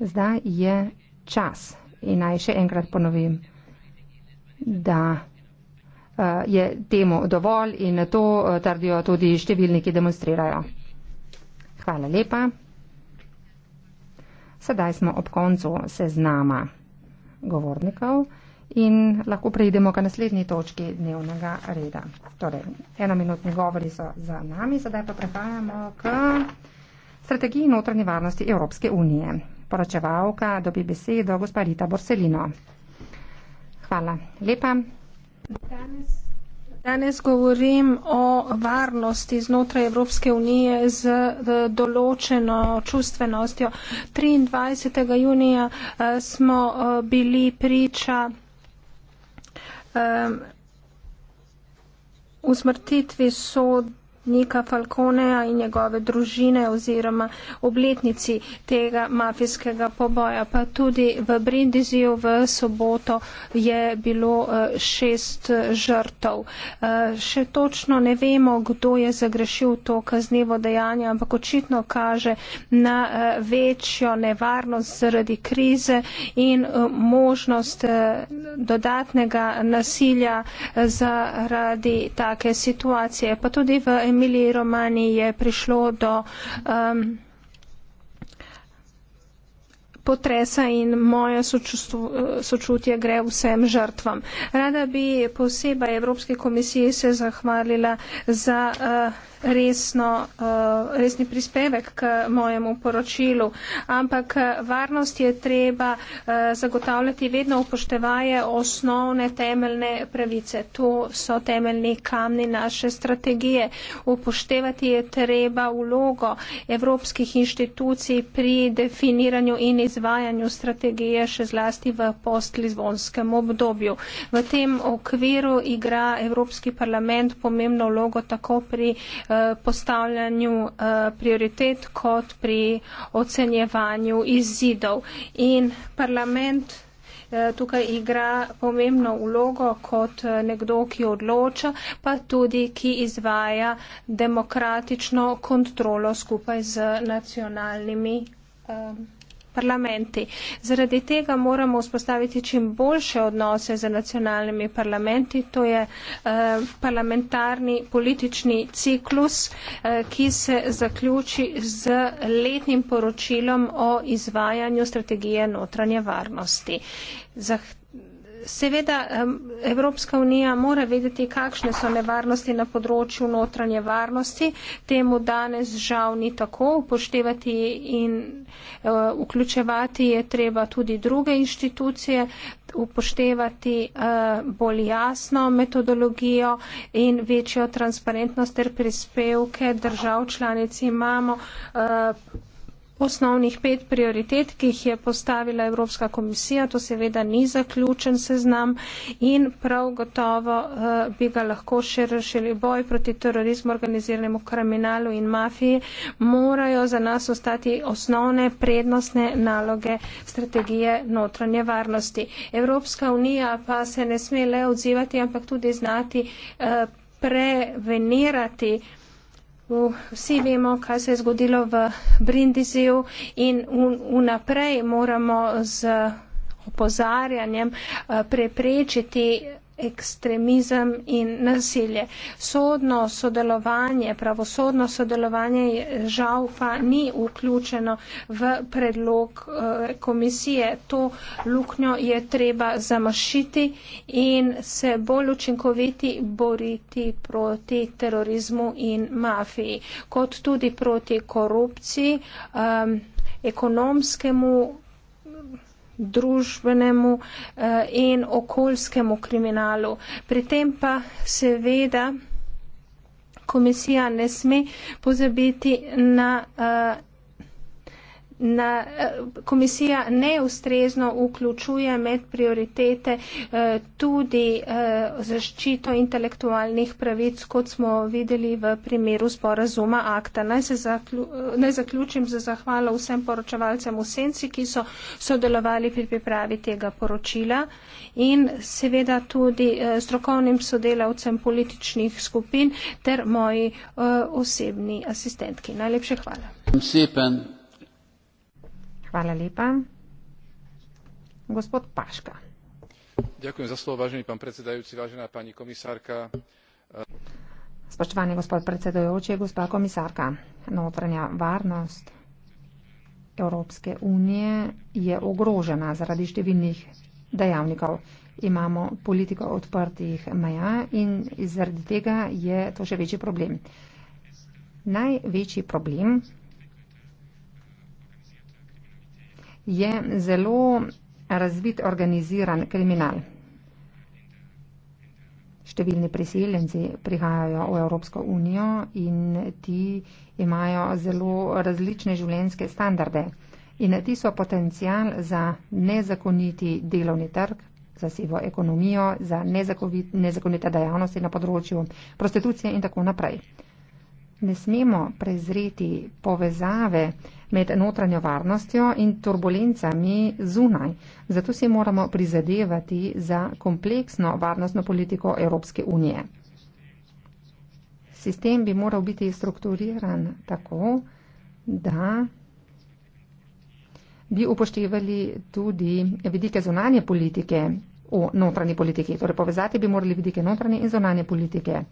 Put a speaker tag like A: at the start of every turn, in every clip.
A: Zdaj je čas. In naj še enkrat ponovim, da eh, je temu dovolj in to eh, trdijo tudi številni, ki demonstrirajo. Hvala lepa. Sedaj smo ob koncu seznama govornikov in lahko preidemo k naslednji točki dnevnega reda. Torej, enominutni govori so za nami, sedaj pa prehajamo k strategiji notranje varnosti Evropske unije poročevalka, dobi besedo gospa Rita Borselino. Hvala. Lepa.
B: Danes, danes govorim o varnosti znotraj Evropske unije z določeno čustvenostjo. 23. junija eh, smo eh, bili priča eh, usmrtitvi sod Nika Falconeja in njegove družine oziroma obletnici tega mafijskega poboja. Pa tudi v Brindiziju v soboto je bilo eh, šest eh, žrtov. Eh, še točno ne vemo, kdo je zagrešil to kaznivo dejanje, ampak očitno kaže na večjo nevarnost zaradi krize in možnost dodatnega nasilja zaradi take situacije. Pa tudi v Emiliji Romani je prišlo do um, potresa in moje sočutje gre vsem žrtvam. Rada bi posebej Evropske komisije se zahvalila za uh, resno, uh, resni prispevek k mojemu poročilu, ampak eh, varnost je treba uh, zagotavljati vedno upoštevaje osnovne temeljne pravice. To so temeljni kamni naše strategije. Upoštevati je treba vlogo evropskih inštitucij pri definiranju in izvedbi izvajanju strategije še zlasti v postlizvonskem obdobju. V tem okviru igra Evropski parlament pomembno vlogo tako pri eh, postavljanju eh, prioritet kot pri ocenjevanju izzidov. In parlament eh, tukaj igra pomembno vlogo kot nekdo, ki odloča, pa tudi, ki izvaja demokratično kontrolo skupaj z nacionalnimi. Um, parlamenti. Zaradi tega moramo vzpostaviti čim boljše odnose z nacionalnimi parlamenti. To je eh, parlamentarni politični ciklus, eh, ki se zaključi z letnim poročilom o izvajanju strategije notranje varnosti. Zahtevamo Seveda Evropska unija mora vedeti, kakšne so nevarnosti na področju notranje varnosti. Temu danes žal ni tako. Upoštevati in eh, vključevati je treba tudi druge inštitucije, upoštevati eh, bolj jasno metodologijo in večjo transparentnost ter prispevke držav članic imamo eh, osnovnih pet prioritet, ki jih je postavila Evropska komisija. To seveda ni zaključen seznam in prav gotovo uh, bi ga lahko še rešili. Boj proti terorizmu, organiziranemu kriminalu in mafiji morajo za nas ostati osnovne prednostne naloge strategije notranje varnosti. Evropska unija pa se ne sme le odzivati, ampak tudi znati. Uh, prevenirati uh, Vsi vemo, kaj se je zgodilo v Brindiziju in vnaprej moramo z opozarjanjem eh, preprečiti ekstremizem in nasilje. Sodno sodelovanje, pravosodno sodelovanje žal pa ni vključeno v predlog eh, komisije. To luknjo je treba zamašiti in se bolj učinkoviti boriti proti terorizmu in mafiji, kot tudi proti korupciji, um, ekonomskemu družbenemu eh, in okoljskemu kriminalu. Pri tem pa seveda komisija ne sme pozabiti na eh, na, eh, komisija neustrezno vključuje med prioritete eh, tudi eh, zaščito intelektualnih pravic, kot smo videli v primeru sporazuma akta. Naj, zaklju, naj zaključim za zahvalo vsem poročevalcem v Senci, ki so sodelovali pri pripravi tega poročila in seveda tudi strokovnim sodelavcem političnih skupin ter moji osebni asistentki. Najlepše hvala.
A: Hvala. Hvala lepa.
B: Gospod Paška. Ďakujem za slovo, vážený pán predsedajúci, vážená pani komisárka.
A: Spoštovani gospod predsedajúci, gospa komisárka, notranja varnost Evropske unije je ogrožena zaradi številnih dejavnikov. Imamo politiko odprtih meja in zaradi tega je to še večji problem. Največji problem je zelo razvit organiziran kriminal. Številni priseljenci prihajajo v Evropsko unijo in ti imajo zelo različne življenjske standarde. In ti so potencial za nezakoniti delovni trg, za sivo ekonomijo, za nezakonite dejavnosti na področju prostitucije in tako naprej ne smemo prezreti povezave med notranjo varnostjo in turbulencami zunaj. Zato si moramo prizadevati za kompleksno varnostno politiko Evropske unije. Sistem bi moral biti strukturiran tako, da bi upoštevali tudi vidike zunanje politike v notranji politiki. Torej povezati bi morali vidike notranje in zunanje politike.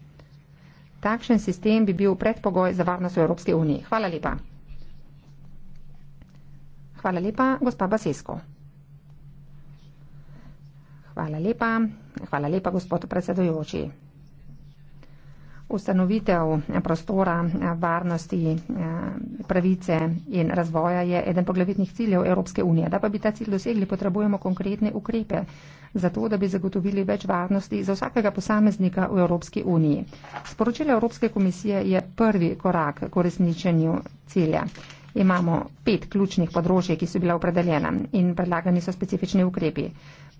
A: Takšen sistem bi bil predpogoj za varnost v Evropski uniji. Hvala lepa. Hvala lepa, gospa Basesko. Hvala lepa, hvala lepa, gospod predsedojoči. Ustanovitev prostora eh, varnosti, eh, pravice in razvoja je eden poglavitnih ciljev Evropske unije. Da pa bi ta cilj dosegli, potrebujemo konkretne ukrepe za to, da bi zagotovili več varnosti za vsakega posameznika v Evropski uniji. Sporočilo Evropske komisije je prvi korak k uresničenju cilja imamo pet ključnih področji, ki so bila opredeljena in predlagani so specifični ukrepi.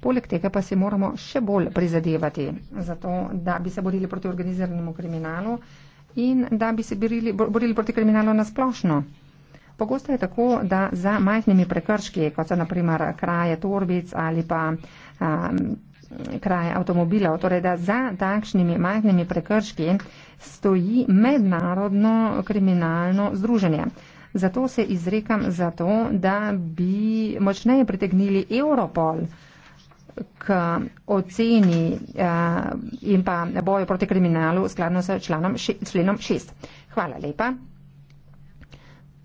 A: Poleg tega pa se moramo še bolj prizadevati za to, da bi se borili proti organiziranemu kriminalu in da bi se borili, borili proti kriminalu nasplošno. Pogosto je tako, da za majhnimi prekrški, kot so naprimer kraje torbic ali pa um, kraje avtomobilov, torej da za takšnimi majhnimi prekrški stoji mednarodno kriminalno združenje. Zato se izrekam za to, da bi močneje pritegnili Europol k oceni eh, in pa boju proti kriminalu skladno s členom 6. Hvala lepa.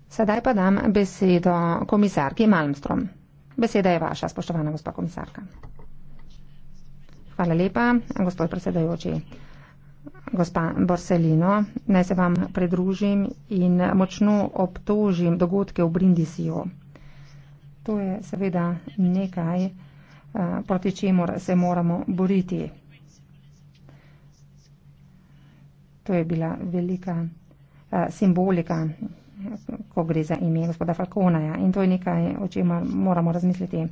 A: Sedaj pa dam besedo komisarki Malmstrom. Beseda je vaša, spoštovana gospa komisarka. Hvala lepa, gospod predsedajoči gospa Borselino, naj se vam pridružim in močno obtožim dogodke v Brindisiju. To je seveda nekaj, eh, proti čemu se moramo boriti. To je bila velika eh, simbolika, ko gre za ime gospoda Falkonaja. In to je nekaj, o čemer moramo razmisliti. Eh,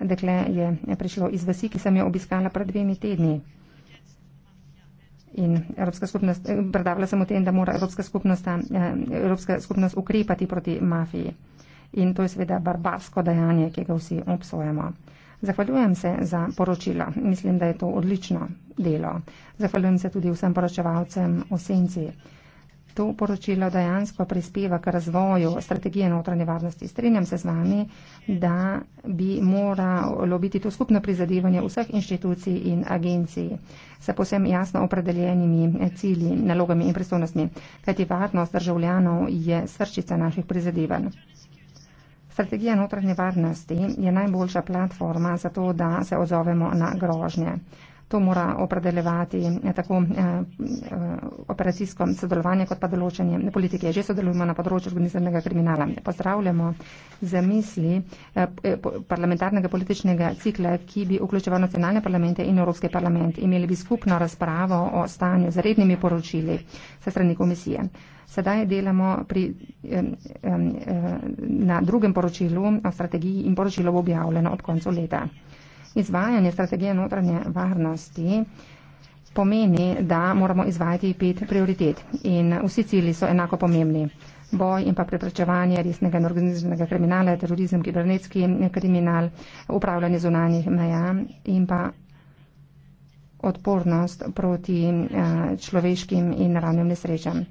A: dekle je prišlo iz vasi, ki sem jo obiskala pred dvemi tedni in Evropska skupnost, eh, predavala sem o tem, da mora Evropska skupnost, eh, Evropska skupnost ukrepati proti mafiji. In to je seveda barbarsko dejanje, ki ga vsi obsojamo. Zahvaljujem se za poročilo. Mislim, da je to odlično delo. Zahvaljujem se tudi vsem poročevalcem v senci to poročilo dejansko prispeva k razvoju strategije notranje varnosti. Strenjam se z vami, da bi moralo biti to skupno prizadevanje vseh inštitucij in agencij s posebej jasno opredeljenimi cilji, nalogami in pristojnostmi, kajti varnost državljanov je srčica naših prizadevanj. Strategija notranje varnosti je najboljša platforma za to, da se ozovemo na grožnje to mora opredeljevati eh, tako eh, eh, operacijsko sodelovanje kot pa določenje politike. Že sodelujemo na področju organiziranega kriminala. Pozdravljamo zamisli parlamentarnega političnega cikla, ki bi vključeval nacionalne parlamente in Evropski parlament. Imeli bi skupno razpravo o stanju z rednimi poročili se strani komisije. Sedaj delamo pri, na drugem poročilu o strategiji in poročilo bo objavljeno ob koncu leta. Izvajanje strategije notranje varnosti pomeni, da moramo izvajati pet prioritet in vsi cilji so enako pomembni. Boj in pa preprečevanje resnega in organiziranega kriminala, terorizem, kibernetski kriminal, upravljanje zunanjih meja in pa odpornost proti eh, človeškim in naravnim nesrečam.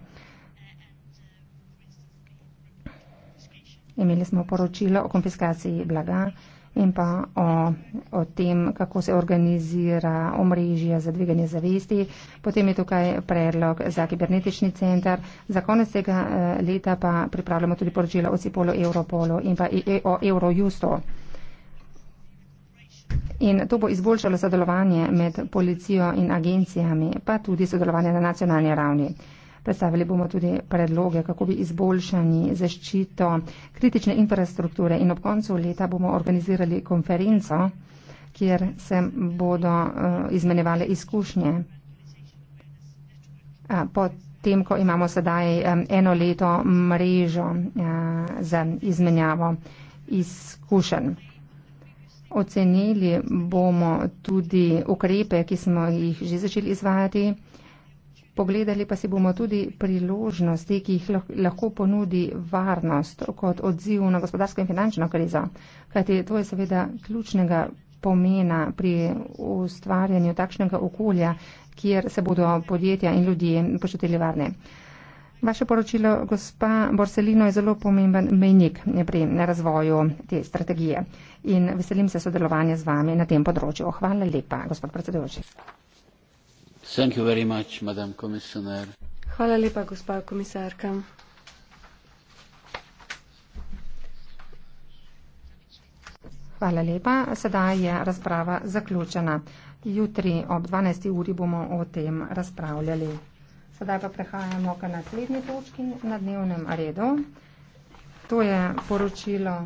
A: Imeli smo poročilo o konfiskaciji blaga in pa o, o tem, kako se organizira omrežje za dviganje zavesti. Potem je tukaj predlog za kibernetični center. Za konec tega eh, leta pa pripravljamo tudi poročilo o Cipolu, Europolu in pa e-, o Eurojusto. In to bo izboljšalo sodelovanje med policijo in agencijami, pa tudi sodelovanje na nacionalni ravni. Predstavili bomo tudi predloge, kako bi izboljšali zaščito kritične infrastrukture in ob koncu leta bomo organizirali konferenco, kjer se bodo eh, izmenjevale izkušnje. Eh, potem, ko imamo sedaj eh, eno leto mrežo za izmenjavo izkušenj. Ocenili bomo tudi ukrepe, ki smo jih že začeli izvajati. Pogledali pa si bomo tudi priložnosti, ki jih lahko ponudi varnost kot odziv na gospodarsko in finančno krizo. Kajti to je seveda ključnega pomena pri ustvarjanju takšnega okolja, kjer se bodo podjetja in ljudje počutili varne. Vaše poročilo, gospa Borselino, je zelo pomemben mejnik pri razvoju te strategije in veselim se sodelovanja z vami na tem področju. Hvala lepa, gospod predsedujoči.
B: Hvala lepa, gospa komisarka.
A: Hvala lepa. Sedaj je razprava zaključena. Jutri ob 12. uri bomo o tem razpravljali. Sedaj pa prehajamo k naslednji točki na dnevnem redu. To je poročilo.